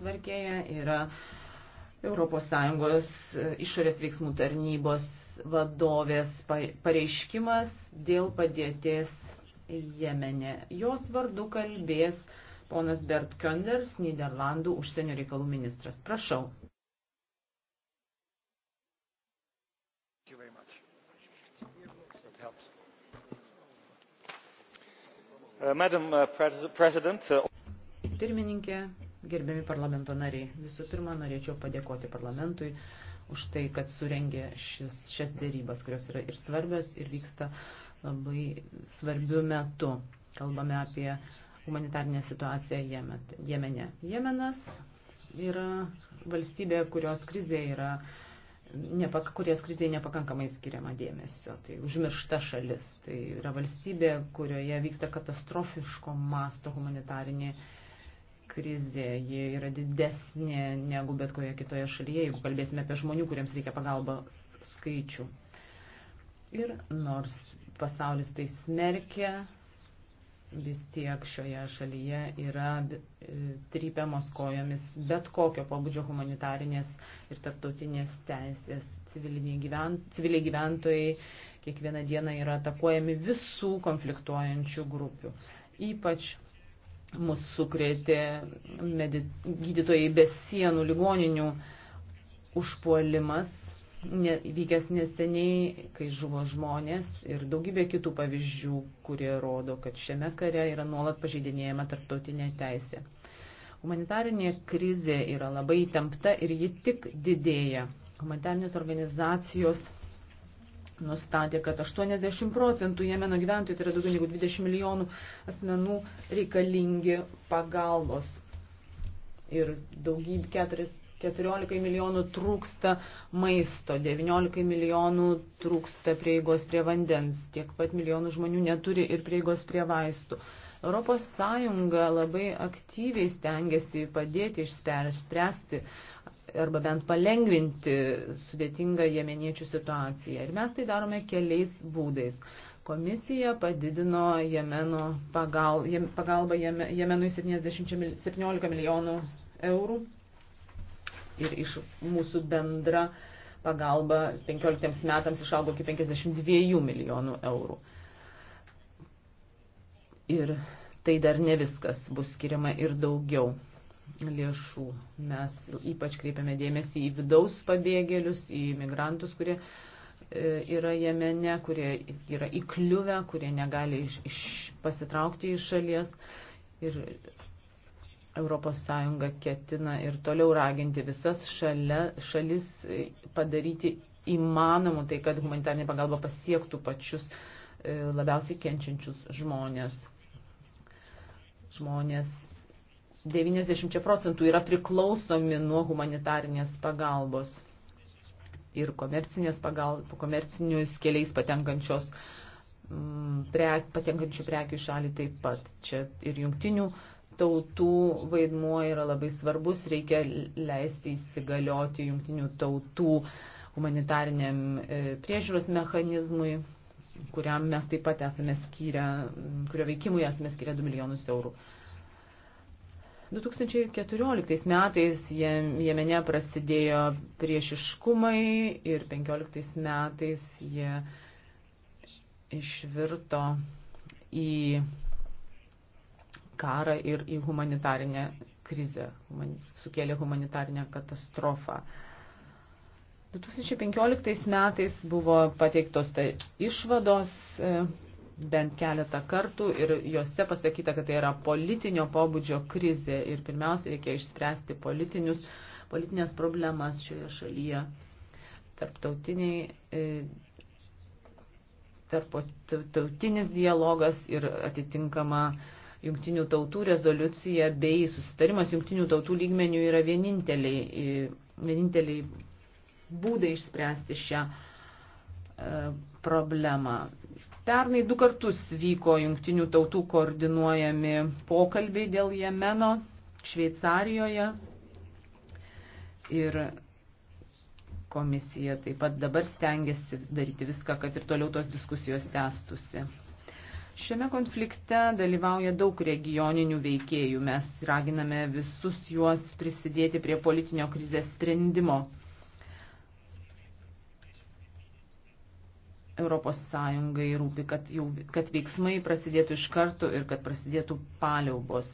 tvarkėje yra ES e, išorės veiksmų tarnybos vadovės pareiškimas dėl padėties Jemene. Jos vardu kalbės ponas Bert Könders, Niderlandų užsienio reikalų ministras. Prašau. Uh, uh, uh, Pirmininkė, gerbiami parlamento nariai. Visų pirma, norėčiau padėkoti parlamentui už tai, kad surengė šis, šias dėrybas, kurios yra ir svarbios, ir vyksta labai svarbių metų. Kalbame apie humanitarinę situaciją Jemene. Jemenas yra valstybė, kurios krizė yra nepak, kurios krizėje nepakankamai skiriama dėmesio. Tai užmiršta šalis. Tai yra valstybė, kurioje vyksta katastrofiško masto humanitarinė krizė krizė, ji yra didesnė negu bet koje kitoje šalyje, jeigu kalbėsime apie žmonių, kuriems reikia pagalbos skaičių. Ir nors pasaulis tai smerkia, vis tiek šioje šalyje yra e, trypiamos kojomis bet kokio pobūdžio humanitarinės ir tarptautinės teisės. Civiliai, gyvent, civiliai gyventojai kiekvieną dieną yra atakuojami visų konfliktuojančių grupių. Ypač Mūsų sukrėtė gydytojai be sienų ligoninių užpuolimas, ne, vykęs neseniai, kai žuvo žmonės ir daugybė kitų pavyzdžių, kurie rodo, kad šiame kare yra nuolat pažeidinėjama tarptautinė teisė. Humanitarinė krizė yra labai įtempta ir ji tik didėja. Humanitarinės organizacijos nustatė, kad 80 procentų Jemeno gyventojų, tai yra daugiau negu 20 milijonų asmenų, reikalingi pagalbos. Ir daugybė 14 milijonų trūksta maisto, 19 milijonų trūksta prieigos prie vandens, tiek pat milijonų žmonių neturi ir prieigos prie vaistų. Europos Sąjunga labai aktyviai stengiasi padėti išspręsti arba bent palengvinti sudėtingą jemeniečių situaciją. Ir mes tai darome keliais būdais. Komisija padidino Jemeno pagal, pagalbą Jemenui 17 milijonų eurų ir iš mūsų bendra pagalba 15 metams išaugo iki 52 milijonų eurų. Ir tai dar ne viskas, bus skiriama ir daugiau lėšų. Mes ypač kreipiame dėmesį į vidaus pabėgėlius, į migrantus, kurie e, yra Jemene, kurie yra įkliuvę, kurie negali iš, iš, pasitraukti iš šalies. Ir ES ketina ir toliau raginti visas šalia, šalis e, padaryti įmanomų tai, kad humanitarnė pagalba pasiektų pačius e, labiausiai kenčiančius žmonės. Žmonės 90 procentų yra priklausomi nuo humanitarinės pagalbos ir komercinės pagal, komercinius keliais patenkančios, m, mm, pre, patenkančių prekių šalį taip pat. Čia ir jungtinių tautų vaidmuo yra labai svarbus, reikia leisti įsigalioti jungtinių tautų humanitariniam e, priežiūros mechanizmui, kuriam mes taip pat esame skyrę, kurio veikimui esame skyrę 2 milijonus eurų. 2014 metais Jemene prasidėjo priešiškumai ir 15 metais jie išvirto į karą ir į humanitarinę krizę, sukėlė humanitarinę katastrofą. 2015 metais buvo pateiktos tai išvados e, bent keletą kartų ir juose pasakyta, kad tai yra politinio pobūdžio krizė ir pirmiausia reikia išspręsti politinius, politinės problemas šioje šalyje. Tarptautiniai, e, tarptautinis dialogas ir atitinkama jungtinių tautų rezoliucija bei susitarimas jungtinių tautų lygmenių yra vieninteliai, e, vieninteliai būdai išspręsti šią e, problemą Pernai du kartus vyko jungtinių tautų koordinuojami pokalbiai dėl Jemeno Šveicarijoje. Ir komisija taip pat dabar stengiasi daryti viską, kad ir toliau tos diskusijos tęstusi. Šiame konflikte dalyvauja daug regioninių veikėjų. Mes raginame visus juos prisidėti prie politinio krizės sprendimo. Europos Sąjungai rūpi, kad, jau, kad veiksmai prasidėtų iš karto ir kad prasidėtų paliaubos.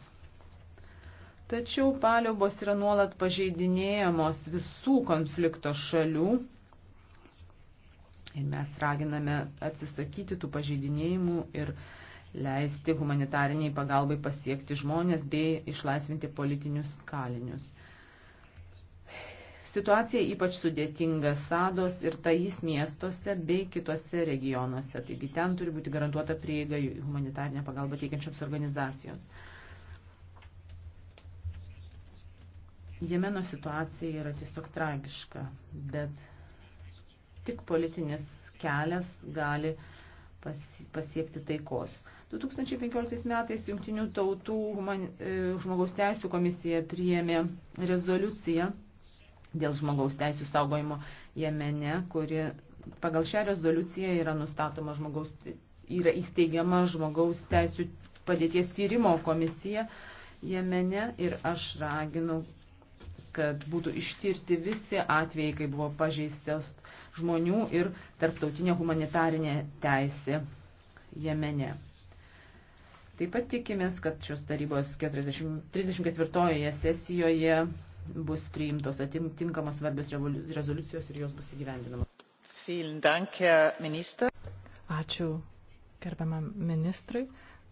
Tačiau paliaubos yra nuolat pažeidinėjamos visų konflikto šalių ir mes raginame atsisakyti tų pažeidinėjimų ir leisti humanitariniai pagalbai pasiekti žmonės bei išlaisvinti politinius kalinius. Situacija ypač sudėtinga Sados ir Tais miestuose bei kitose regionuose, taigi ten turi būti garantuota prieiga humanitarinė pagalba teikiančioms organizacijoms. Jemeno situacija yra tiesiog tragiška, bet tik politinis kelias gali pasiekti taikos. 2015 metais Junktinių tautų e, žmogaus teisų komisija priėmė rezoliuciją dėl žmogaus teisų saugojimo Jemene, kuri pagal šią rezoliuciją yra nustatoma žmogaus, yra įsteigiama žmogaus teisų padėties tyrimo komisija Jemene ir aš raginu, kad būtų ištirti visi atvejai, kai buvo pažeistas žmonių ir tarptautinė humanitarinė teisė Jemene. Taip pat tikimės, kad šios tarybos 40, 34 sesijoje bus priimtos atitinkamos svarbios rezoliucijos ir jos bus įgyvendinamos. Ačiū gerbiamam ministrui.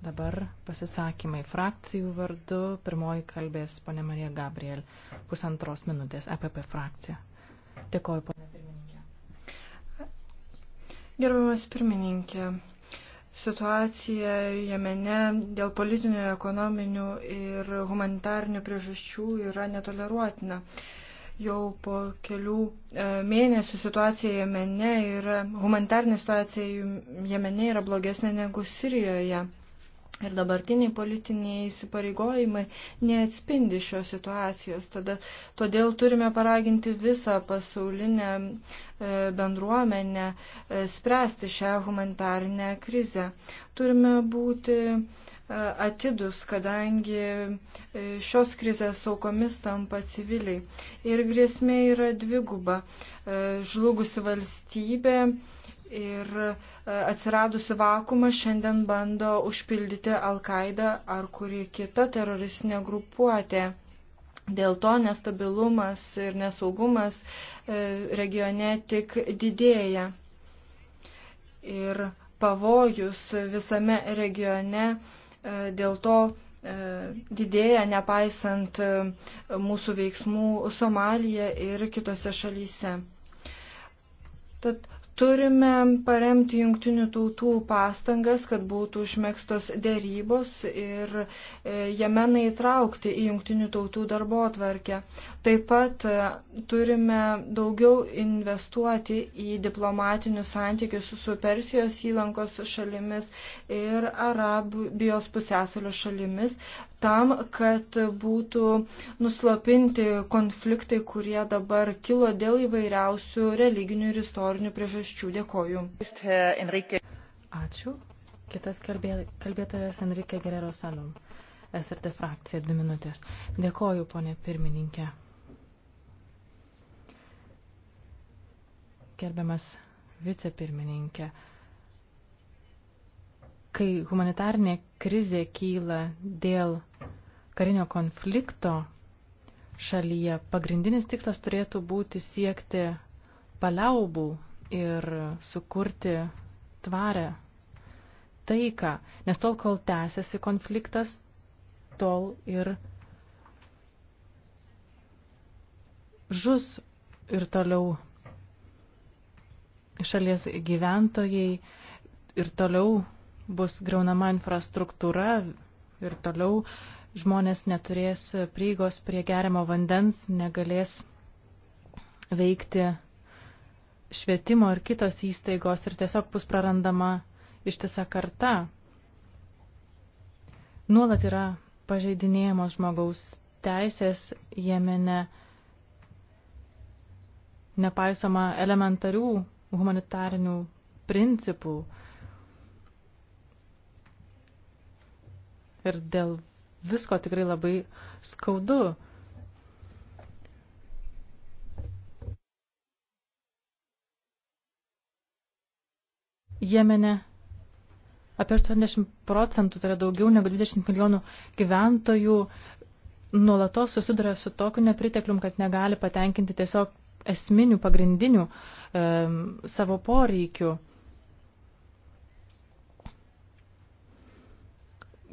Dabar pasisakymai frakcijų vardu. Pirmoji kalbės ponė Marija Gabriel, pusantros minutės, EPP frakcija. Dėkoju, ponė pirmininkė. Gerbiamas pirmininkė, situacija Jemene dėl politinių, ekonominių ir humanitarnių priežasčių yra netoleruotina. Jau po kelių e, mėnesių situacija Jemene yra, humanitarnė situacija Jemene yra blogesnė negu Sirijoje ir dabartiniai politiniai įsipareigojimai neatspindi šios situacijos. Tada, todėl turime paraginti visą pasaulinę e, bendruomenę e, spręsti šią humanitarinę krizę. Turime būti e, atidus, kadangi šios krizės aukomis tampa civiliai. Ir grėsmė yra dviguba. Žlugusi valstybė Ir e, atsiradusi vakumą šiandien bando užpildyti Al-Qaeda ar kuri kita teroristinė grupuotė. Dėl to nestabilumas ir nesaugumas e, regione tik didėja. Ir pavojus visame regione e, dėl to didėja, nepaisant mūsų veiksmų Somalija ir kitose šalyse. Tad Turime paremti jungtinių tautų pastangas, kad būtų užmėgstos dėrybos ir e, Jemeną įtraukti į jungtinių tautų darbo atvarkę. Taip pat e, turime daugiau investuoti į diplomatinius santykius su Persijos įlankos šalimis ir Arabijos pusėsalio šalimis, tam, kad būtų nuslopinti konfliktai, kurie dabar kilo dėl įvairiausių religinių ir istorinių priežasčių priežasčių. Dėkoju. Ačiū. Kitas kalbėtojas Enrique Gerero Salom. SRT frakcija, dvi minutės. Dėkoju, ponė pirmininkė. Gerbiamas vicepirmininkė, kai humanitarnė krizė kyla dėl karinio konflikto šalyje, pagrindinis tikslas turėtų būti siekti paliaubų ir sukurti tvarę taiką, nes tol, kol tęsiasi konfliktas, tol ir žus ir toliau šalies gyventojai, ir toliau bus graunama infrastruktūra, ir toliau žmonės neturės prieigos prie geriamo vandens, negalės veikti švietimo ir kitos įstaigos ir tiesiog bus prarandama ištisa karta. Nuolat yra pažeidinėjamos žmogaus teisės Jemene, nepaisoma elementarių humanitarinių principų. Ir dėl visko tikrai labai skaudu. Jemene apie 80 procentų, tai yra daugiau negu 20 milijonų gyventojų, nuolatos susiduria su tokiu nepriteklium, kad negali patenkinti tiesiog esminių, pagrindinių e, savo poreikių.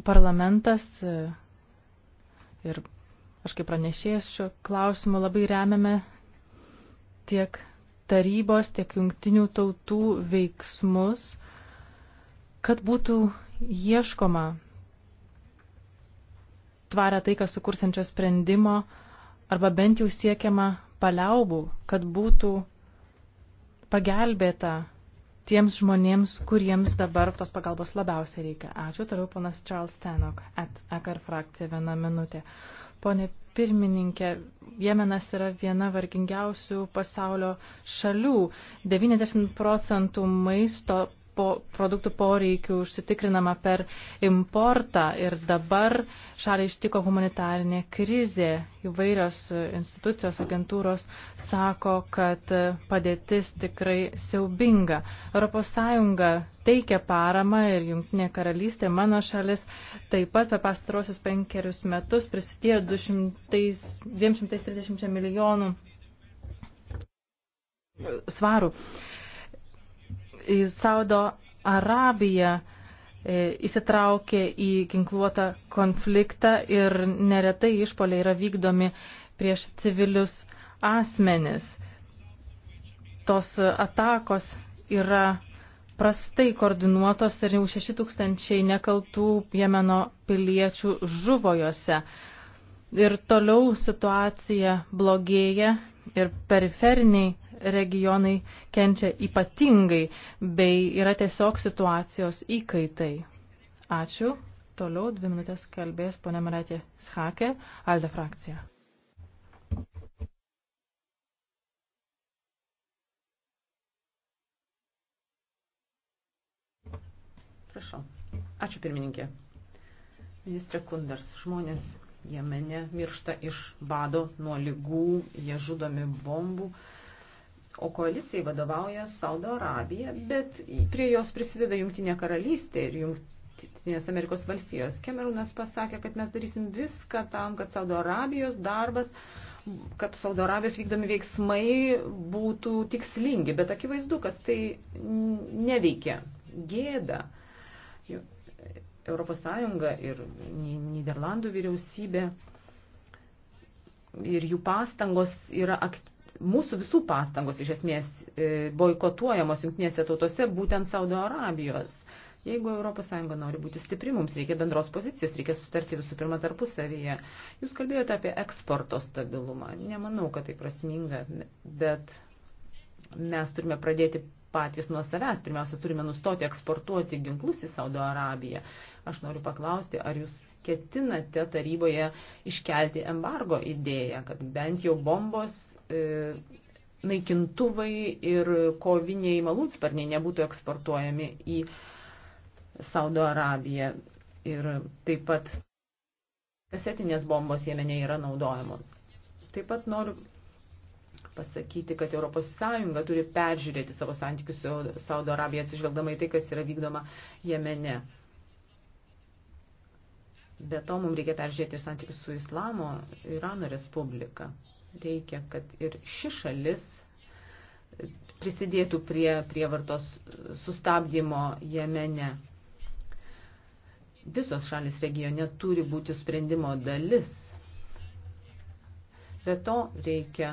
Parlamentas e, ir aš kaip pranešėjęs šiuo klausimu labai remiame tiek tarybos, tiek jungtinių tautų veiksmus, kad būtų ieškoma tvarę taiką sukursančio sprendimo arba bent jau siekiama paliaubų, kad būtų pagelbėta tiems žmonėms, kuriems dabar tos pagalbos labiausiai reikia. Ačiū, toliau ponas Charles Tenok, EKR frakcija, viena minutė. Uh, Pone pirmininkė, Jemenas yra viena vargingiausių pasaulio šalių. 90 procentų maisto po, produktų poreikių užsitikrinama per importą ir dabar šaliai ištiko humanitarinė krizė. Įvairios institucijos, agentūros sako, kad padėtis tikrai siaubinga. ES teikia paramą ir Junktinė karalystė, mano šalis, taip pat per pastarosius penkerius metus prisidėjo 200, 230 milijonų svarų į Saudo Arabiją e, įsitraukė į ginkluotą konfliktą ir neretai išpoliai yra vykdomi prieš civilius asmenis. Tos atakos yra prastai koordinuotos ir jau 6 tūkstančiai nekaltų Jemeno piliečių žuvo juose. Ir toliau situacija blogėja ir periferiniai regionai kenčia ypatingai bei yra tiesiog situacijos įkaitai. Ačiū. Toliau dvi minutės kalbės ponė Maretė Schakė, Alde frakcija. Prašau. Ačiū pirmininkė. Ministrė Kunders, žmonės Jemene miršta iš bado, nuo lygų, jie žudomi bombų. Uh, O koalicijai vadovauja Saudo Arabija, bet prie jos prisideda Jungtinė karalystė ir Jungtinės Amerikos valstijos. Kemerūnas pasakė, kad mes darysim viską tam, kad Saudo Arabijos darbas, kad Saudo Arabijos vykdomi veiksmai būtų tikslingi, bet akivaizdu, kad tai neveikia. Gėda. Europos Sąjunga ir Niderlandų vyriausybė ir jų pastangos yra aktyviai mūsų visų pastangos iš esmės e, boikotuojamos jungtinėse tautose būtent Saudo Arabijos. Jeigu ES nori būti stipri, mums reikia bendros pozicijos, reikia sustarti visų pirma tarpusavyje. Jūs kalbėjote apie eksporto stabilumą. Nemanau, kad tai prasminga, bet mes turime pradėti patys nuo savęs. Pirmiausia, turime nustoti eksportuoti ginklus į Saudo Arabiją. Aš noriu paklausti, ar jūs ketinate taryboje iškelti embargo idėją, kad bent jau bombos E, naikintuvai ir koviniai malūnsparniai nebūtų eksportuojami į Saudo Arabiją. Ir taip pat kasetinės bombos Jemene yra naudojamos. Taip pat noriu pasakyti, kad ES turi peržiūrėti savo santykius su Saudo Arabija atsižvelgdama į tai, kas yra vykdoma Jemene. Be to, mums reikia peržiūrėti ir santykius su Islamo Irano Respublika reikia, kad ir ši šalis prisidėtų prie prievartos sustabdymo Jemene. Visos šalis regione turi būti sprendimo dalis. Be to reikia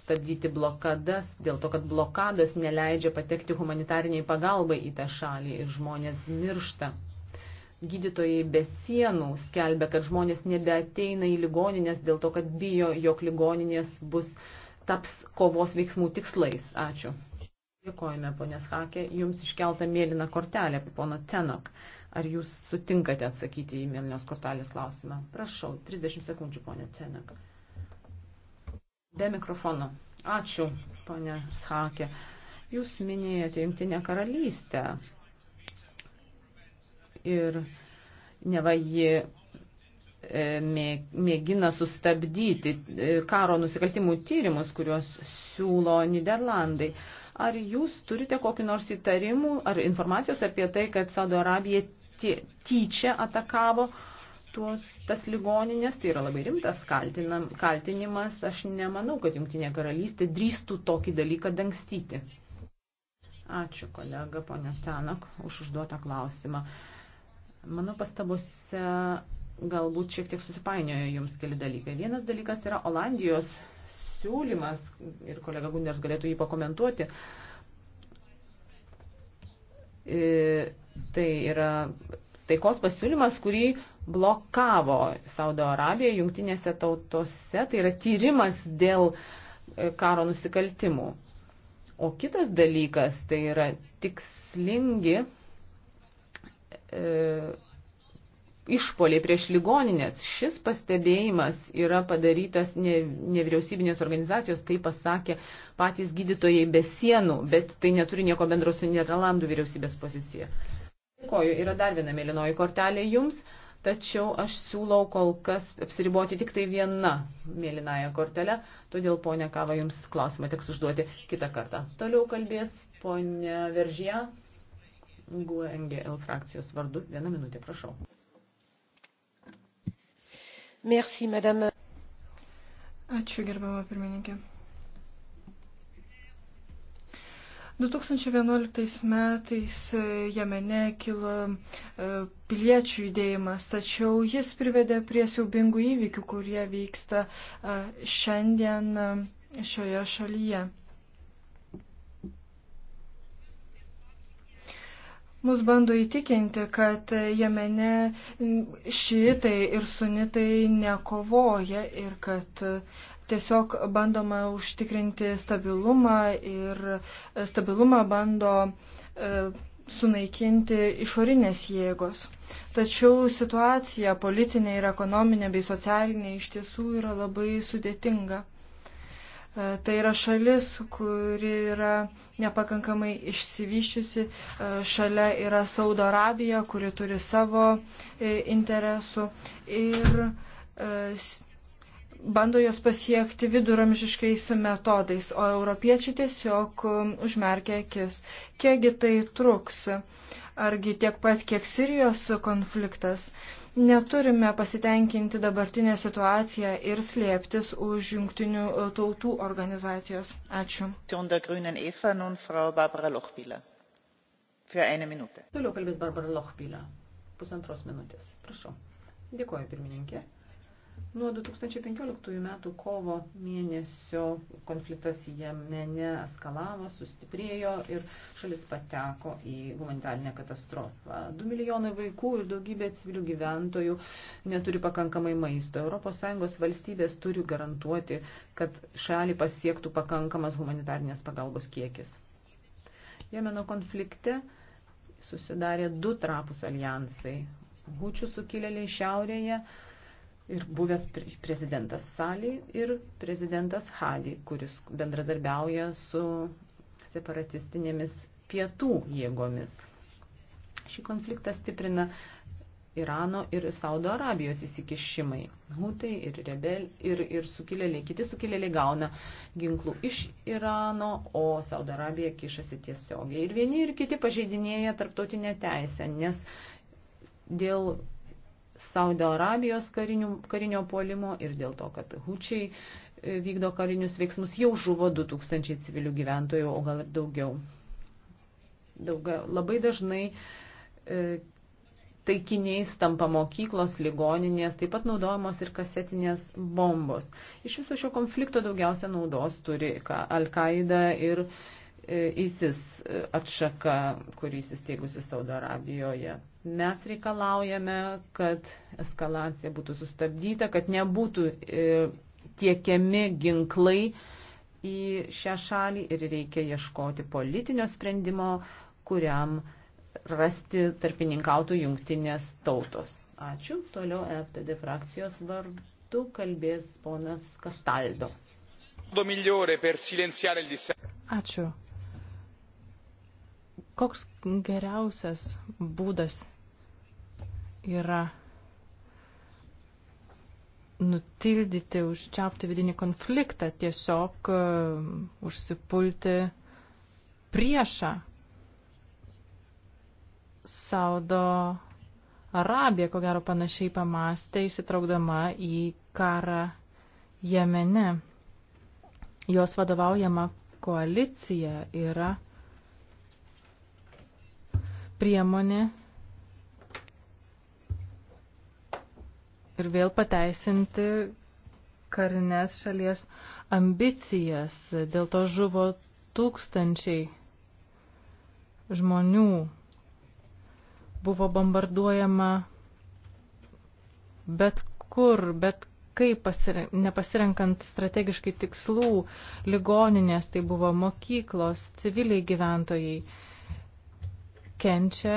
stabdyti blokadas, dėl to, kad blokadas neleidžia patekti humanitariniai pagalbai į tą šalį ir žmonės miršta Gydytojai be sienų skelbia, kad žmonės nebeateina į ligoninės dėl to, kad bijo, jog ligoninės bus taps kovos veiksmų tikslais. Ačiū. Dėkojame, ponės Hakė, jums iškeltą mėlyną kortelę apie pono Tenok. Ar jūs sutinkate atsakyti į mėlynos kortelės klausimą? Prašau, 30 sekundžių, ponė Tenok. Be mikrofono. Ačiū, ponė Hakė. Jūs minėjote Jungtinę karalystę ir neva ji e, mėgina sustabdyti e, karo nusikaltimų tyrimus, kuriuos siūlo Niderlandai. Ar jūs turite kokį nors įtarimų ar informacijos apie tai, kad Saudo Arabija tyčia atakavo tuos, tas ligoninės? Tai yra labai rimtas kaltinam, kaltinimas. Aš nemanau, kad Junktinė karalystė drįstų tokį dalyką dangstyti. Ačiū kolega, ponė Tenok, už užduotą klausimą. Uh, Mano pastabose galbūt šiek tiek susipainiojo jums keli dalykai. Vienas dalykas tai yra Olandijos siūlymas, ir kolega Gunders galėtų jį pakomentuoti. E, tai yra taikos pasiūlymas, kurį blokavo Saudo Arabija jungtinėse tautose, tai yra tyrimas dėl e, karo nusikaltimų. O kitas dalykas tai yra tikslingi E, išpoliai prieš ligoninės. Šis pastebėjimas yra padarytas ne, nevyriausybinės organizacijos, tai pasakė patys gydytojai be sienų, bet tai neturi nieko bendro su Niderlandų vyriausybės pozicija. Dėkoju, yra dar viena mėlynoji kortelė jums, tačiau aš siūlau kol kas apsiriboti tik tai viena mėlynąją kortelę, todėl ponia Kava jums klausimą teks užduoti kitą kartą. Toliau kalbės ponia Veržė. GUNGL frakcijos vardu. Vieną minutę, prašau. Merci, madame. Ačiū, gerbama pirmininkė. 2011 metais Jemene kilo e, piliečių judėjimas, tačiau jis privedė prie siaubingų įvykių, kurie vyksta e, šiandien e, šioje šalyje. Mus bando įtikinti, kad Jemene šitai ir sunitai nekovoja ir kad tiesiog bandoma užtikrinti stabilumą ir stabilumą bando e, sunaikinti išorinės jėgos. Tačiau situacija politinė ir ekonominė bei socialinė iš tiesų yra labai sudėtinga. E, tai yra šalis, kuri yra nepakankamai išsivyščiusi. E, šalia yra Saudo Arabija, kuri turi savo e, interesų ir bando jos pasiekti viduramžiškais metodais, o europiečiai tiesiog užmerkia akis. Kiekgi tai truks? Argi tiek pat, kiek Sirijos konfliktas? Neturime pasitenkinti dabartinę situaciją ir slėptis už jungtinių tautų organizacijos. Ačiū. Toliau kalbės Barbara Lochbylė. Pusantros minutės. Prašau. Dėkuoju, pirmininkė. Nuo 2015 metų kovo mėnesio konfliktas jame eskalavo, sustiprėjo ir šalis pateko į humanitarinę katastrofą. 2 milijonai vaikų ir daugybė civilių gyventojų neturi pakankamai maisto. ES valstybės turi garantuoti, kad šalį pasiektų pakankamas humanitarinės pagalbos kiekis. Jemeno konflikte susidarė du trapus alijansai. Hučių sukilėliai šiaurėje ir buvęs prezidentas Salį ir prezidentas Hadi, kuris bendradarbiauja su separatistinėmis pietų jėgomis. Šį konfliktą stiprina Irano ir Saudo Arabijos įsikišimai. Hutai ir, rebel, ir, ir sukilėliai, kiti sukilėliai gauna ginklų iš Irano, o Saudo Arabija kišasi tiesiogiai. Ir vieni ir kiti pažeidinėja tarptautinę teisę, nes dėl Saudo Arabijos karinių, karinio puolimo ir dėl to, kad hučiai e, vykdo karinius veiksmus, jau žuvo 2000 civilių gyventojų, o gal ir daugiau. Dauga, labai dažnai e, taikiniais tampa mokyklos, ligoninės, taip pat naudojamos ir kasetinės bombos. Iš viso šio konflikto daugiausia naudos turi Al-Qaida ir E, ISIS e, atšaka, kurį įsisteigusi Saudo Arabijoje. Mes reikalaujame, kad eskalacija būtų sustabdyta, kad nebūtų e, tiekiami ginklai į šią šalį ir reikia ieškoti politinio sprendimo, kuriam rasti tarpininkautų jungtinės tautos. Ačiū. Toliau FTD frakcijos vardu kalbės ponas Kastaldo. Ačiū Koks geriausias būdas yra nutildyti, užčiaupti vidinį konfliktą, tiesiog e, užsipulti priešą. Saudo Arabija, ko gero, panašiai pamastė, įsitraukdama į karą Jemene. Jos vadovaujama koalicija yra priemonė ir vėl pateisinti karinės šalies ambicijas. Dėl to žuvo tūkstančiai žmonių. Buvo bombarduojama bet kur, bet kaip pasire... nepasirenkant strategiškai tikslų, ligoninės tai buvo mokyklos, civiliai gyventojai kenčia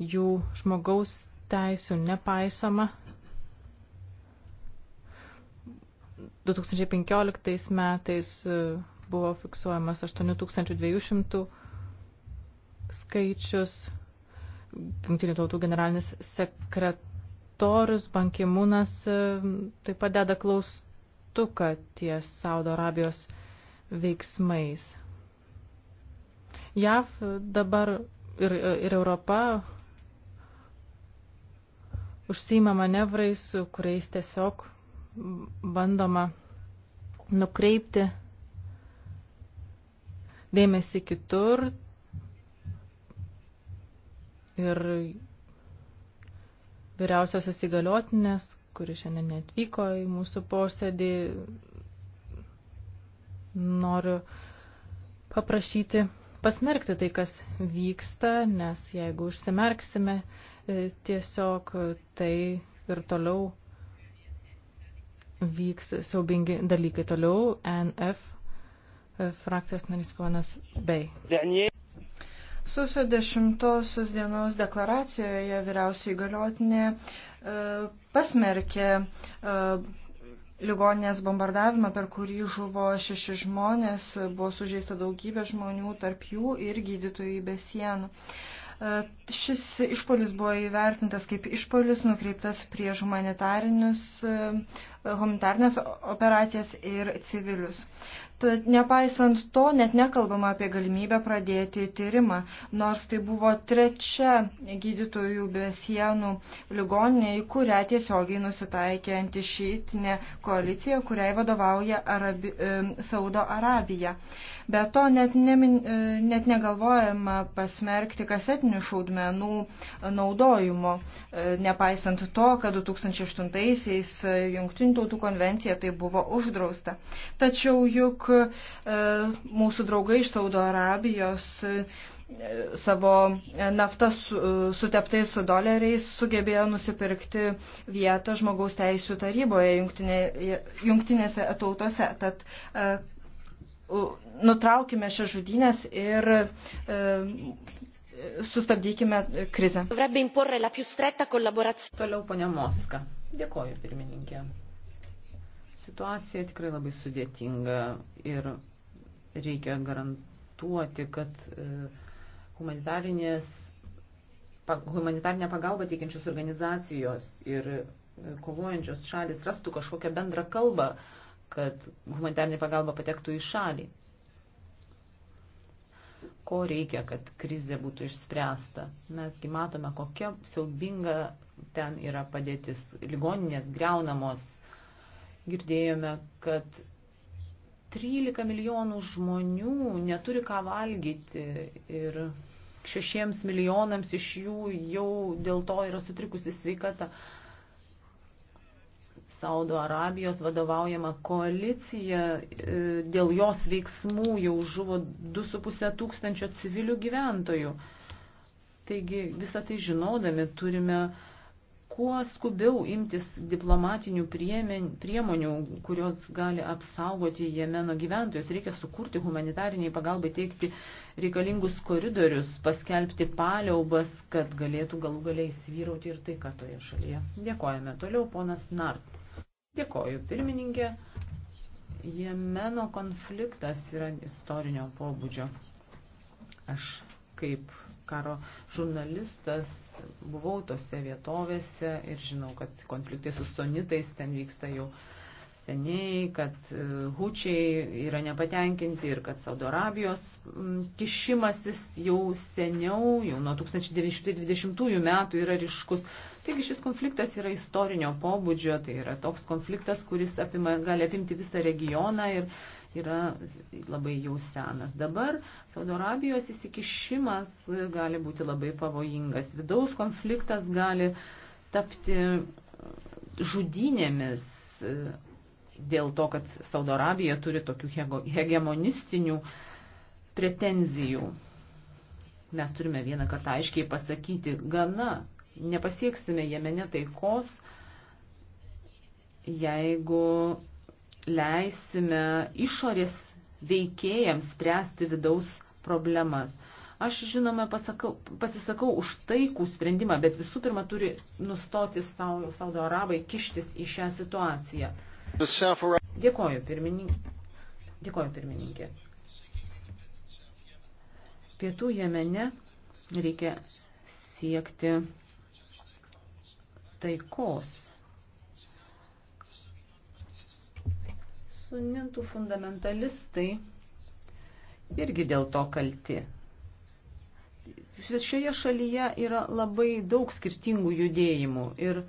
jų žmogaus teisų nepaisoma. 2015 metais e, buvo fiksuojamas 8200 skaičius. Junktinių tautų generalinis sekretorius Bankimūnas e, taip pat deda klaustuką ties Saudo Arabijos veiksmais. JAV dabar ir, ir Europa užsima manevrais, kuriais tiesiog bandoma nukreipti dėmesį kitur ir vyriausiosios įgaliotinės, kuri šiandien netvyko į mūsų posėdį, noriu paprašyti pasmerkti tai, kas vyksta, nes jeigu užsimerksime e, tiesiog tai ir toliau vyks siaubingi dalykai. Toliau NF e, frakcijos narys ponas Bey. Sausio 10 dienos deklaracijoje vyriausiai galiotinė e, pasmerkė ligoninės bombardavimą, per kurį žuvo šeši žmonės, buvo sužeista daugybė žmonių, tarp jų ir gydytojai be sienų. E, šis išpolis buvo įvertintas kaip išpolis nukreiptas prieš humanitarinius e, humanitarnės operacijas ir civilius. Tad nepaisant to, net nekalbama apie galimybę pradėti tyrimą, nors tai buvo trečia gydytojų be sienų ligoninė, į kurią tiesiogiai nusitaikė antišytinė koalicija, kuriai vadovauja Arabi, e, Saudo Arabija. Be to net, nemin, e, net negalvojama pasmerkti kasetinių šaudmenų naudojimo, e, nepaisant to, kad 2008-aisiais jungtinių Junktinių tautų konvencija tai buvo uždrausta. Tačiau juk e, mūsų draugai iš Saudo Arabijos e, savo naftą su, e, suteptais su doleriais sugebėjo nusipirkti vietą žmogaus teisų taryboje jungtinė, jungtinėse tautose. Tad e, nutraukime šią žudynės ir e, sustabdykime krizę. Toliau ponia Moska. Dėkoju pirmininkė. Situacija tikrai labai sudėtinga ir reikia garantuoti, kad e, humanitarinės, humanitarinė pagalba teikiančios organizacijos ir e, kovojančios šalis rastų kažkokią bendrą kalbą, kad humanitarinė pagalba patektų į šalį. Ko reikia, kad krizė būtų išspręsta? Mesgi matome, kokia siaubinga ten yra padėtis. Ligoninės greunamos, girdėjome, kad 13 milijonų žmonių neturi ką valgyti ir 6 milijonams iš jų jau dėl to yra sutrikusi sveikata. Saudo Arabijos vadovaujama koalicija, e, dėl jos veiksmų jau žuvo 2,5 tūkstančio civilių gyventojų. Taigi visą tai žinodami turime uh, kuo skubiau imtis diplomatinių priemonių, kurios gali apsaugoti Jemeno gyventojus. Reikia sukurti humanitariniai pagalbai, teikti reikalingus koridorius, paskelbti paliaubas, kad galėtų galų galiai įsivyrauti ir taika toje šalyje. Dėkojame. Toliau ponas Nart. Dėkoju, pirmininkė. Jemeno konfliktas yra istorinio pobūdžio. Aš kaip karo žurnalistas, buvau tose vietovėse ir žinau, kad konfliktai su sonitais ten vyksta jau seniai, kad e, hučiai yra nepatenkinti ir kad Saudo Arabijos kišimasis jau seniau, jau nuo 1920 metų yra ryškus. Taigi šis konfliktas yra istorinio pobūdžio, tai yra toks konfliktas, kuris apima, gali apimti visą regioną ir yra labai jau senas. Dabar Saudo Arabijos įsikišimas gali būti labai pavojingas. Vidaus konfliktas gali tapti e, žudynėmis e, dėl to, kad Saudo Arabija turi tokių hegemonistinių pretenzijų. Mes turime vieną kartą aiškiai pasakyti, gana, nepasieksime jame netaikos, jeigu leisime išorės veikėjams spręsti vidaus problemas. Aš, žinoma, pasakau, pasisakau už taikų sprendimą, bet visų pirma turi nustoti Saudo Arabai kištis į šią situaciją. Dėkoju, pirmininkė. Dėkoju, pirmininkė. Pietų Jemene reikia siekti taikos sunintų fundamentalistai irgi dėl to kalti. Šioje šalyje yra labai daug skirtingų judėjimų ir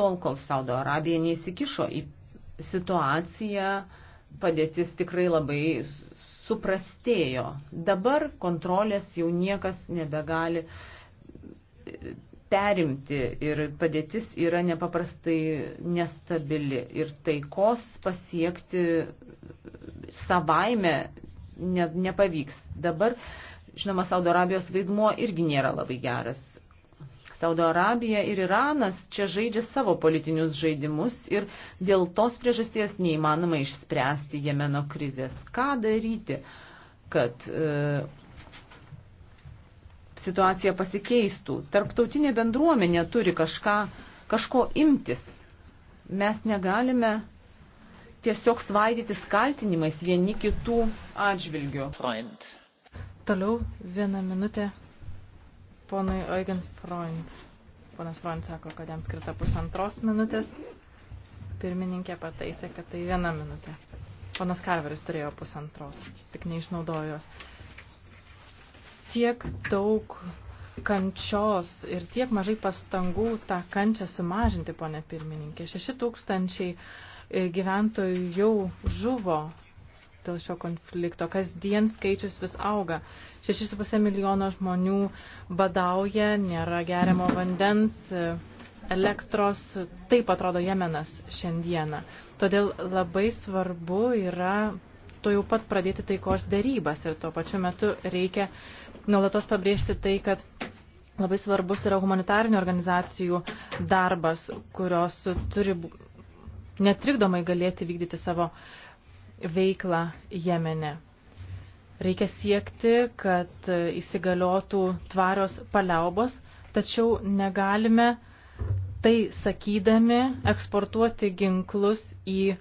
tol, kol Saudo Arabija neįsikišo į situaciją, padėtis tikrai labai suprastėjo. Dabar kontrolės jau niekas nebegali perimti ir padėtis yra nepaprastai nestabili ir taikos pasiekti savaime ne, nepavyks. Dabar, žinoma, Saudo Arabijos vaidmuo irgi nėra labai geras. Saudo Arabija ir Iranas čia žaidžia savo politinius žaidimus ir dėl tos priežasties neįmanoma išspręsti Jemeno krizės. Ką daryti, kad e, situacija pasikeistų. Tarptautinė bendruomenė turi kažką, kažko imtis. Mes negalime tiesiog svaidytis kaltinimais vieni kitų atžvilgių. Freund. Toliau vieną minutę ponui Eugen Freund. Ponas Freund sako, kad jam skirta pusantros minutės. Pirmininkė pataisė, kad tai viena minutė. Ponas Karveris turėjo pusantros, tik neišnaudojo jos tiek daug kančios ir tiek mažai pastangų tą kančią sumažinti, ponė pirmininkė. 6 tūkstančiai e, gyventojų jau žuvo dėl šio konflikto. Kasdien skaičius vis auga. 6,5 milijono žmonių badauja, nėra geriamo vandens, e, elektros. Taip atrodo Jemenas šiandieną. Todėl labai svarbu yra to jau pat pradėti taikos dėrybas ir tuo pačiu metu reikia nuolatos pabrėžti tai, kad labai svarbus yra humanitarinių organizacijų darbas, kurios turi netrikdomai galėti vykdyti savo veiklą Jemene. Reikia siekti, kad įsigaliotų tvarios paliaubos, tačiau negalime tai sakydami eksportuoti ginklus į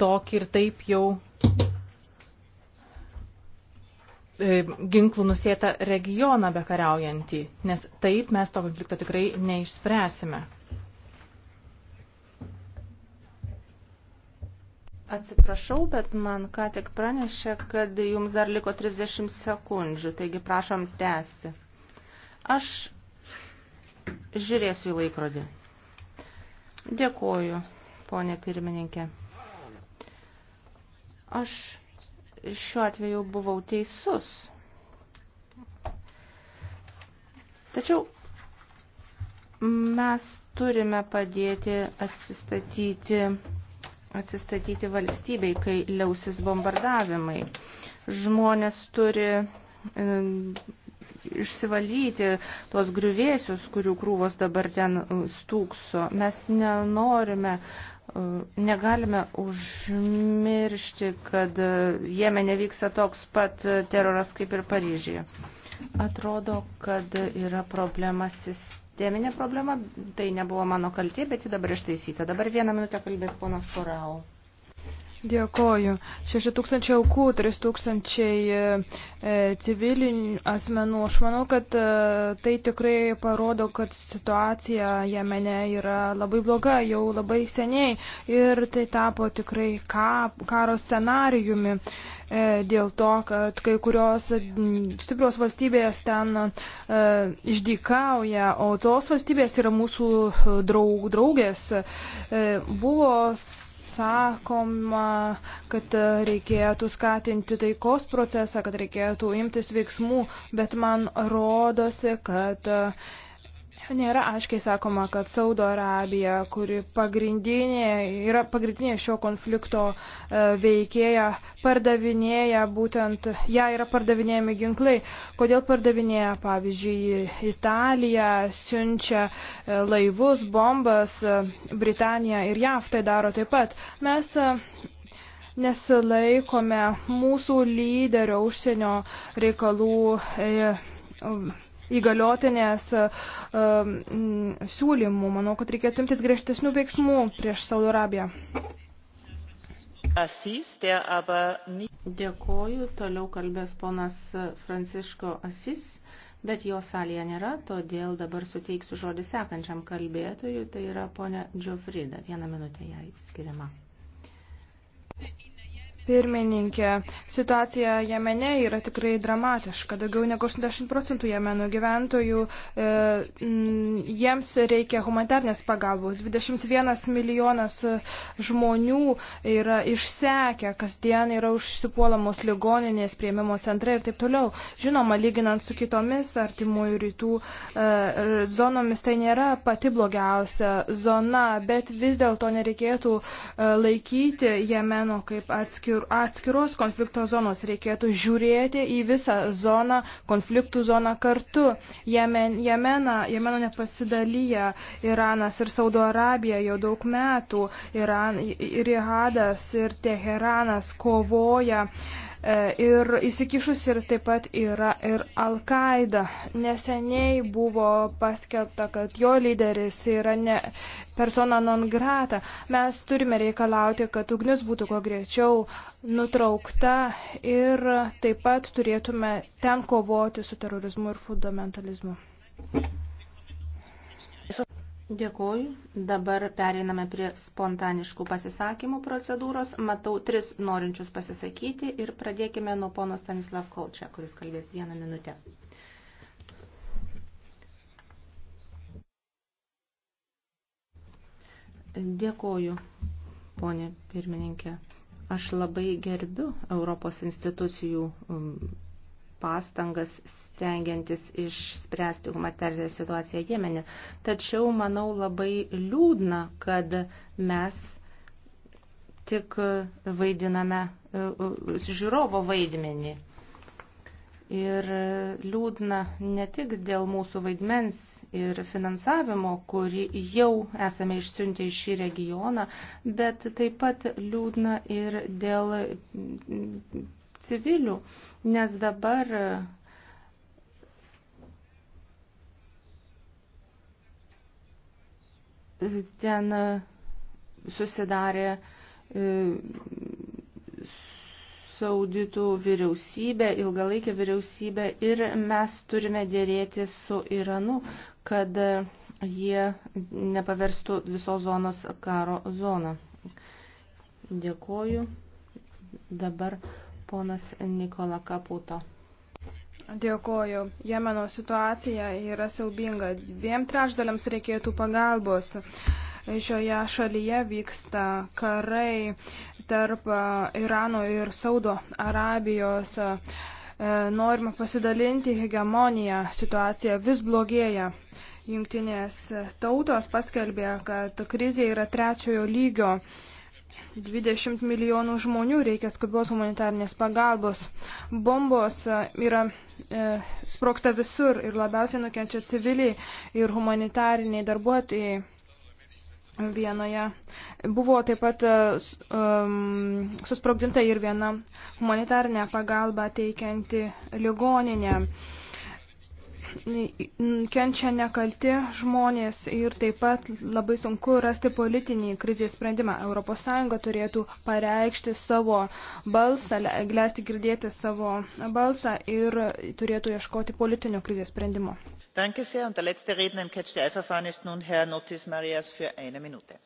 tokį ir taip jau E, ginklų nusėta regioną bekariaujantį, nes taip mes to konflikto tikrai neišspręsime. Atsiprašau, bet man ką tik pranešė, kad jums dar liko 30 sekundžių, taigi prašom tęsti. Aš žiūrėsiu į laikrodį. Dėkoju, ponė pirmininkė. Aš šiuo atveju buvau teisus. Tačiau mes turime padėti atsistatyti, atsistatyti valstybei, kai liausis bombardavimai. Žmonės turi e, išsivalyti tuos griuvėsius, kurių krūvos dabar ten stūkso. Mes nenorime Negalime užmiršti, kad jame nevyksta toks pat teroras kaip ir Paryžyje. Atrodo, kad yra problema sisteminė problema. Tai nebuvo mano kaltė, bet ji dabar ištaisyta. Dabar vieną minutę kalbės ponas Korau. Dėkoju. 6 tūkstančiai aukų, 3 tūkstančiai e, e, civilinių asmenų. Aš manau, kad e, tai tikrai parodo, kad situacija Jemene yra labai bloga jau labai seniai ir tai tapo tikrai karo scenarijumi dėl to, kad kai kurios stiprios valstybės ten e, išdykauja, o tos valstybės yra mūsų draug, draugės. E, buvo sakoma, kad reikėtų skatinti taikos procesą, kad reikėtų imtis veiksmų, bet man rodosi, kad nėra aiškiai sakoma, kad Saudo Arabija, kuri pagrindinė, yra pagrindinė šio konflikto e, veikėja, pardavinėja būtent, ją yra pardavinėjami ginklai. Kodėl pardavinėja, pavyzdžiui, Italija siunčia e, laivus, bombas, e, Britanija ir JAV tai daro taip pat. Mes nesilaikome mūsų lyderio užsienio reikalų. E, įgaliotinės e, siūlymų. Manau, kad reikėtų imtis griežtesnių veiksmų prieš Saudo Arabiją. Dėkoju, toliau kalbės ponas Franciško Asis, bet jo salėje nėra, todėl dabar suteiksiu žodį sekančiam kalbėtojui, tai yra ponia Džiofrida. Vieną minutę jai skiriama pirmininkė. Situacija Jemene yra tikrai dramatiška. Daugiau negu 80 procentų Jemeno gyventojų, e, jiems reikia humanitarnės pagalbos. 21 milijonas žmonių yra išsekę, kasdien yra užsipuolamos ligoninės, prieimimo centrai ir taip toliau. Žinoma, lyginant su kitomis artimųjų rytų e, zonomis, tai nėra pati blogiausia zona, bet vis dėlto nereikėtų e, laikyti Jemeno kaip atskirų atskir, atskiros konflikto zonos, reikėtų žiūrėti į visą zoną, konfliktų zoną kartu. Jemen, Jemena, Jemeno nepasidalyja Iranas ir Saudo Arabija jau daug metų, Iran, ir Ihadas, ir Teheranas kovoja. E, E, ir įsikišus ir taip pat yra ir Al-Qaida. Neseniai buvo paskelbta, kad jo lyderis yra ne persona non grata. Mes turime reikalauti, kad ugnis būtų kuo greičiau nutraukta ir taip pat turėtume ten kovoti su terorizmu ir fundamentalizmu. Dėkuoju. Dabar pereiname prie spontaniškų pasisakymų procedūros. Matau tris norinčius pasisakyti ir pradėkime nuo pono Stanislav Kolčia, kuris kalbės vieną minutę. Dėkuoju, ponė pirmininkė. Aš labai gerbiu Europos institucijų um, pastangas stengiantis išspręsti humanitarinę situaciją Jemenė. Tačiau, manau, labai liūdna, kad mes tik vaidiname e, žiūrovo vaidmenį. Ir liūdna ne tik dėl mūsų vaidmens ir finansavimo, kurį jau esame išsiuntę į šį regioną, bet taip pat liūdna ir dėl civilių, nes dabar e, ten e, susidarė e, sauditų vyriausybė, ilgalaikė vyriausybė ir mes turime dėrėti su Iranu, kad jie nepaverstų visos zonos karo zoną. Dėkoju. Dabar ponas Nikola Kaputo. Dėkoju. Jemeno situacija yra siaubinga. Dviem trešdaliams reikėtų pagalbos. Šioje šalyje vyksta karai tarp Irano ir Saudo Arabijos. Norima pasidalinti hegemoniją. Situacija vis blogėja. Jungtinės tautos paskelbė, kad krizė yra trečiojo lygio. 20 milijonų žmonių reikia skubios humanitarnės pagalbos. Bombos e, yra e, sproksta visur ir labiausiai nukenčia civiliai ir humanitariniai darbuotojai. Vienoje buvo taip pat um, susprogdinta ir viena humanitarinė pagalba teikianti ligoninė. Um, kenčia nekalti žmonės ir taip pat labai sunku rasti politinį krizės sprendimą. ES turėtų pareikšti savo balsą, leisti girdėti savo balsą ir turėtų ieškoti politinio krizės sprendimo. Danke sehr. Und der letzte Redner im Catch the Eye Verfahren ist nun Herr Notis Marias für eine Minute.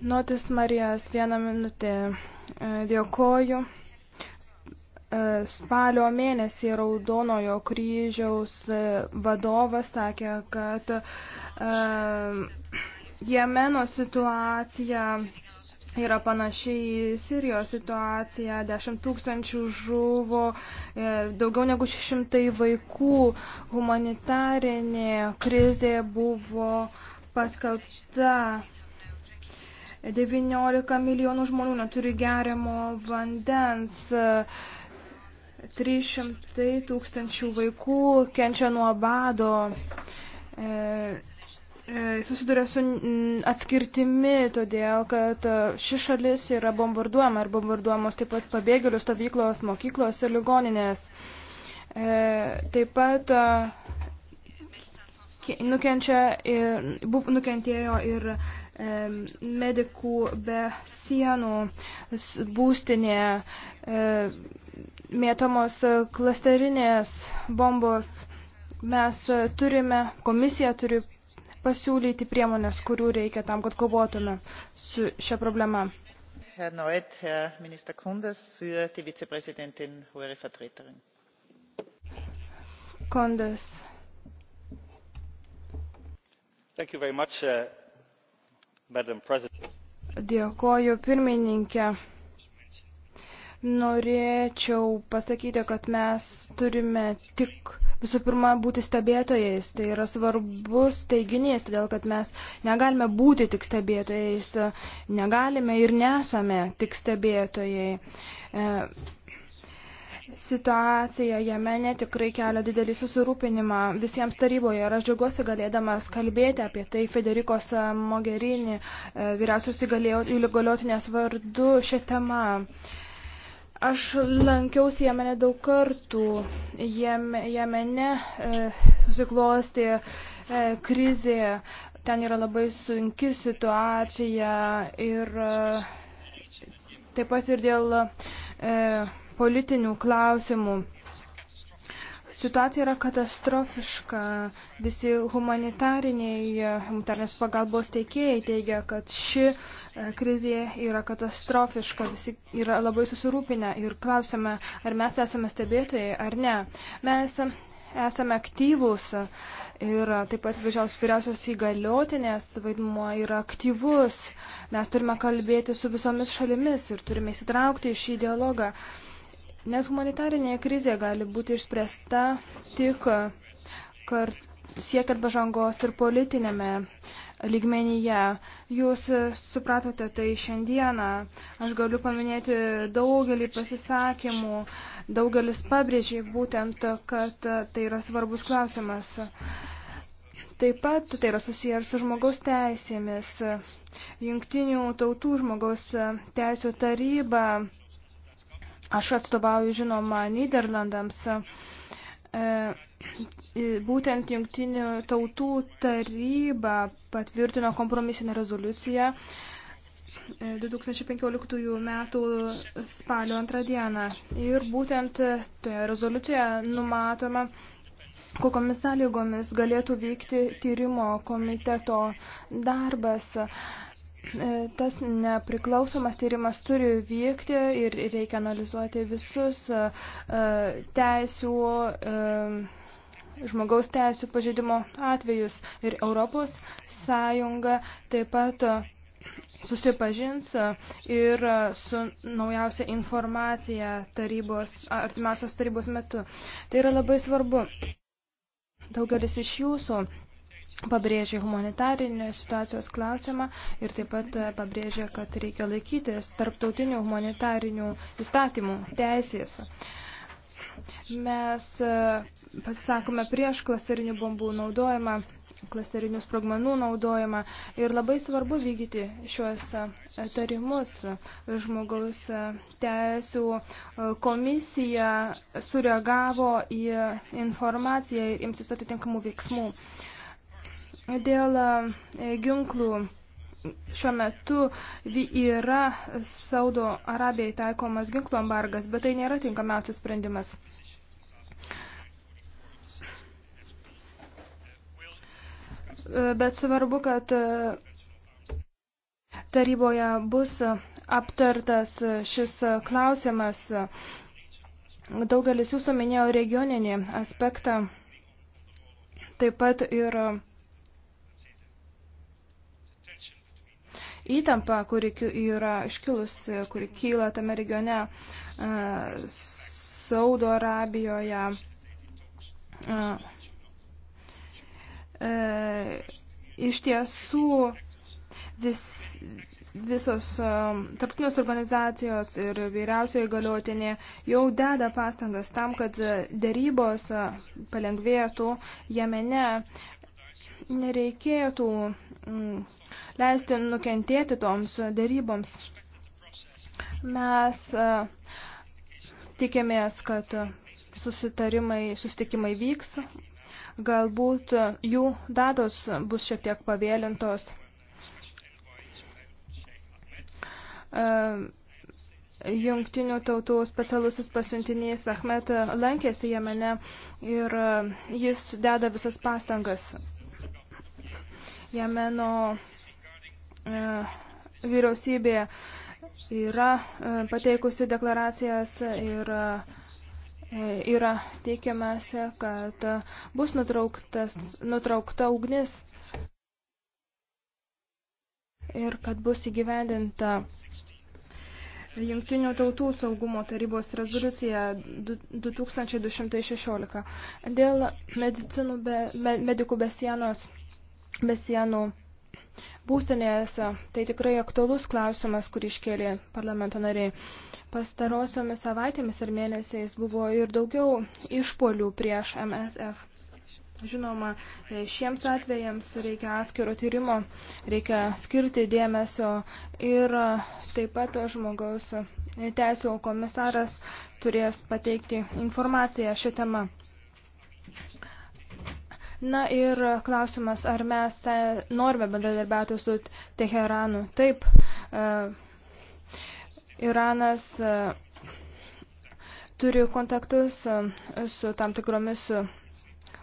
Notis Marijas, vieną minutę. Äh, dėkoju. E, spalio mėnesį Raudonojo kryžiaus e, vadovas sakė, kad e, Jemeno situacija yra panašiai į Sirijos situaciją. 10 tūkstančių žuvo, daugiau negu 600 vaikų. Humanitarinė krizė buvo paskelbta 19 milijonų žmonių neturi geriamo vandens, 300 tūkstančių vaikų kenčia nuo bado, e, e, susiduria su atskirtimi, todėl kad e, ši šalis yra bombarduojama ir bombarduojamos taip pat pabėgėlių stovyklos, mokyklos ir ligoninės. Taip pat nukenčia ir buv, nukentėjo ir e, medikų be sienų būstinė, e, mėtomos klasterinės bombos. Mes turime, komisija turi pasiūlyti priemonės, kurių reikia tam, kad kovotume su šia problema. Erneut, Herr Minister Kundes, für die Vizepräsidentin, hohe Vertreterin. Kondes. Uh, Dėkoju pirmininkė. Norėčiau pasakyti, kad mes turime tik visų pirma būti stebėtojais. Tai yra svarbus teiginys, todėl kad mes negalime būti tik stebėtojais, negalime ir nesame tik stebėtojai. E, Situacija Jemene tikrai kelia didelį susirūpinimą visiems taryboje ir aš džiaugiuosi galėdamas kalbėti apie tai Federikos Mogerini e, vyriausios įgaliotinės vardu šią temą. Aš lankiausi Jemene daug kartų. Jeme, Jemene e, susiklosti e, krizė, ten yra labai sunki situacija ir e, taip pat ir dėl e, politinių klausimų. Situacija yra katastrofiška. Visi humanitariniai, humanitarinės pagalbos teikėjai teigia, kad ši e, krizė yra katastrofiška. Visi yra labai susirūpinę ir klausime, ar mes esame stebėtojai ar ne. Mes esame aktyvūs ir taip pat vyriausios įgaliotinės vaidmuo yra aktyvus. Mes turime kalbėti su visomis šalimis ir turime įsitraukti į šį dialogą. Nes humanitarinė krizė gali būti išspręsta tik kart, siekiant pažangos ir politinėme lygmenyje. Jūs supratote tai šiandieną. Aš galiu paminėti daugelį pasisakymų. Daugelis pabrėžė būtent, kad tai yra svarbus klausimas. Taip pat tai yra susiję ir su žmogaus teisėmis. Jungtinių tautų žmogaus teisų taryba Aš atstovauju, žinoma, Niderlandams. E, būtent jungtinių tautų taryba patvirtino kompromisinę rezoliuciją 2015 e, metų spalio antrą dieną. Ir būtent toje rezoliucijoje numatoma, kokomis sąlygomis galėtų vykti tyrimo komiteto darbas. E, tas nepriklausomas tyrimas turi vykti ir reikia analizuoti visus e, e, teisų, žmogaus teisų pažeidimo atvejus ir Europos sąjunga taip pat susipažins ir su naujausia informacija tarybos, artimiausios tarybos metu. Tai yra labai svarbu. Daugelis iš jūsų pabrėžė humanitarinės situacijos klausimą ir taip pat e, pabrėžė, kad reikia laikytis tarptautinių humanitarinių įstatymų teisės. Mes e, pasisakome prieš klasterinių bombų naudojimą, klasterinių sprogmenų naudojimą ir labai svarbu vykdyti šiuos e, tarimus. Žmogaus teisų komisija sureagavo į informaciją ir imsis atitinkamų veiksmų. Dėl e, ginklų šiuo metu yra Saudo Arabijai taikomas ginklų embargas, bet tai nėra tinkamiausias sprendimas. E, bet svarbu, kad e, taryboje bus aptartas šis klausimas. Daugelis jūsų minėjo regioninį aspektą, taip pat ir įtampa, kuri yra iškilusi, kuri kyla tame regione e, Saudo Arabijoje. E, e, iš tiesų vis, visos tarptautinės organizacijos ir vyriausioji galiotinė jau deda pastangas tam, kad dėrybos palengvėtų Jemene. Nereikėtų leisti nukentėti toms dėryboms. Mes e, tikėmės, kad susitarimai, sustikimai vyks, galbūt jų datos bus šiek tiek pavėlintos. E, Jungtinių tautų specialusis pasiuntinys Ahmet lankėsi Jemene ir e, jis deda visas pastangas Jemeno e, vyriausybė yra e, pateikusi deklaracijas ir e, yra teikiamasi, kad bus nutraukta ugnis ir kad bus įgyvendinta Jungtinių tautų saugumo tarybos rezoliucija 2216 dėl medicinų be, medikų be sienos be sienų būstinėse. Tai tikrai aktualus klausimas, kurį iškėlė parlamento nariai. Pastarosiomis savaitėmis ir mėnesiais buvo ir daugiau išpolių prieš MSF. Žinoma, šiems atvejams reikia atskiro tyrimo, reikia skirti dėmesio ir taip pat žmogaus teisų komisaras turės pateikti informaciją šią temą. Na ir klausimas, ar mes e, norime bendradarbiauti su Teheranu. Taip, e, Iranas e, turi kontaktus su tam tikromis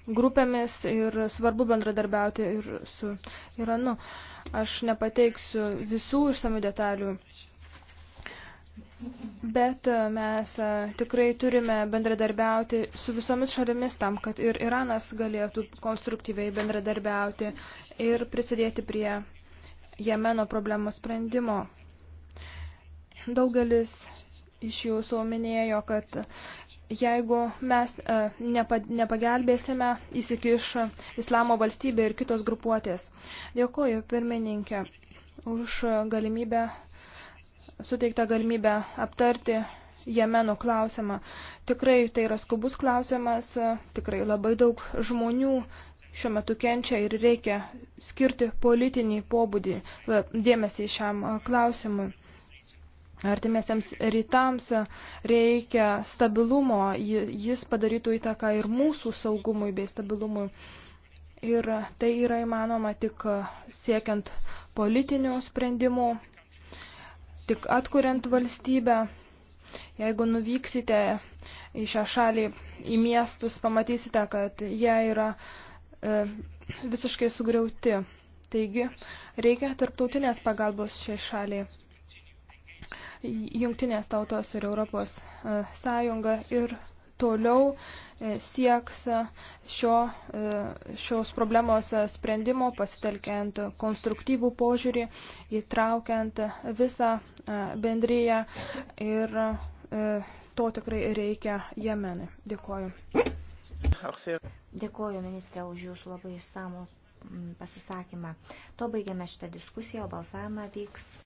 grupėmis ir svarbu bendradarbiauti ir su Iranu. Aš nepateiksiu visų išsamių detalių Bet e, mes e, tikrai turime bendradarbiauti su visomis šalimis tam, kad ir Iranas galėtų konstruktyviai bendradarbiauti ir prisidėti prie Jemeno problemos sprendimo. Daugelis iš jūsų minėjo, kad jeigu mes e, nepa, nepagelbėsime, įsikiš Islamo valstybė ir kitos grupuotės. Dėkuoju pirmininkė už galimybę suteiktą galimybę aptarti Jemeno klausimą. Tikrai tai yra skubus klausimas, tikrai labai daug žmonių šiuo metu kenčia ir reikia skirti politinį pobūdį e, dėmesį šiam e, klausimui. Artimėsiams rytams reikia stabilumo, jis padarytų įtaką ir mūsų saugumui bei stabilumui. Ir tai yra įmanoma tik siekiant politinių sprendimų tik atkuriant valstybę. Jeigu nuvyksite į šią šalį, į miestus, pamatysite, kad jie yra e, visiškai sugriauti. Taigi reikia tarptautinės pagalbos šiai šaliai. Jungtinės tautos ir Europos e, sąjunga ir toliau e, sieks e, šio, e, šios problemos sprendimo, pasitelkiant konstruktyvų požiūrį, įtraukiant visą bendryją ir to tikrai reikia Jemenui. Dėkoju. Dėkoju, ministrė, už jūsų labai samų pasisakymą. To baigiame šitą diskusiją, o balsavimą vyks.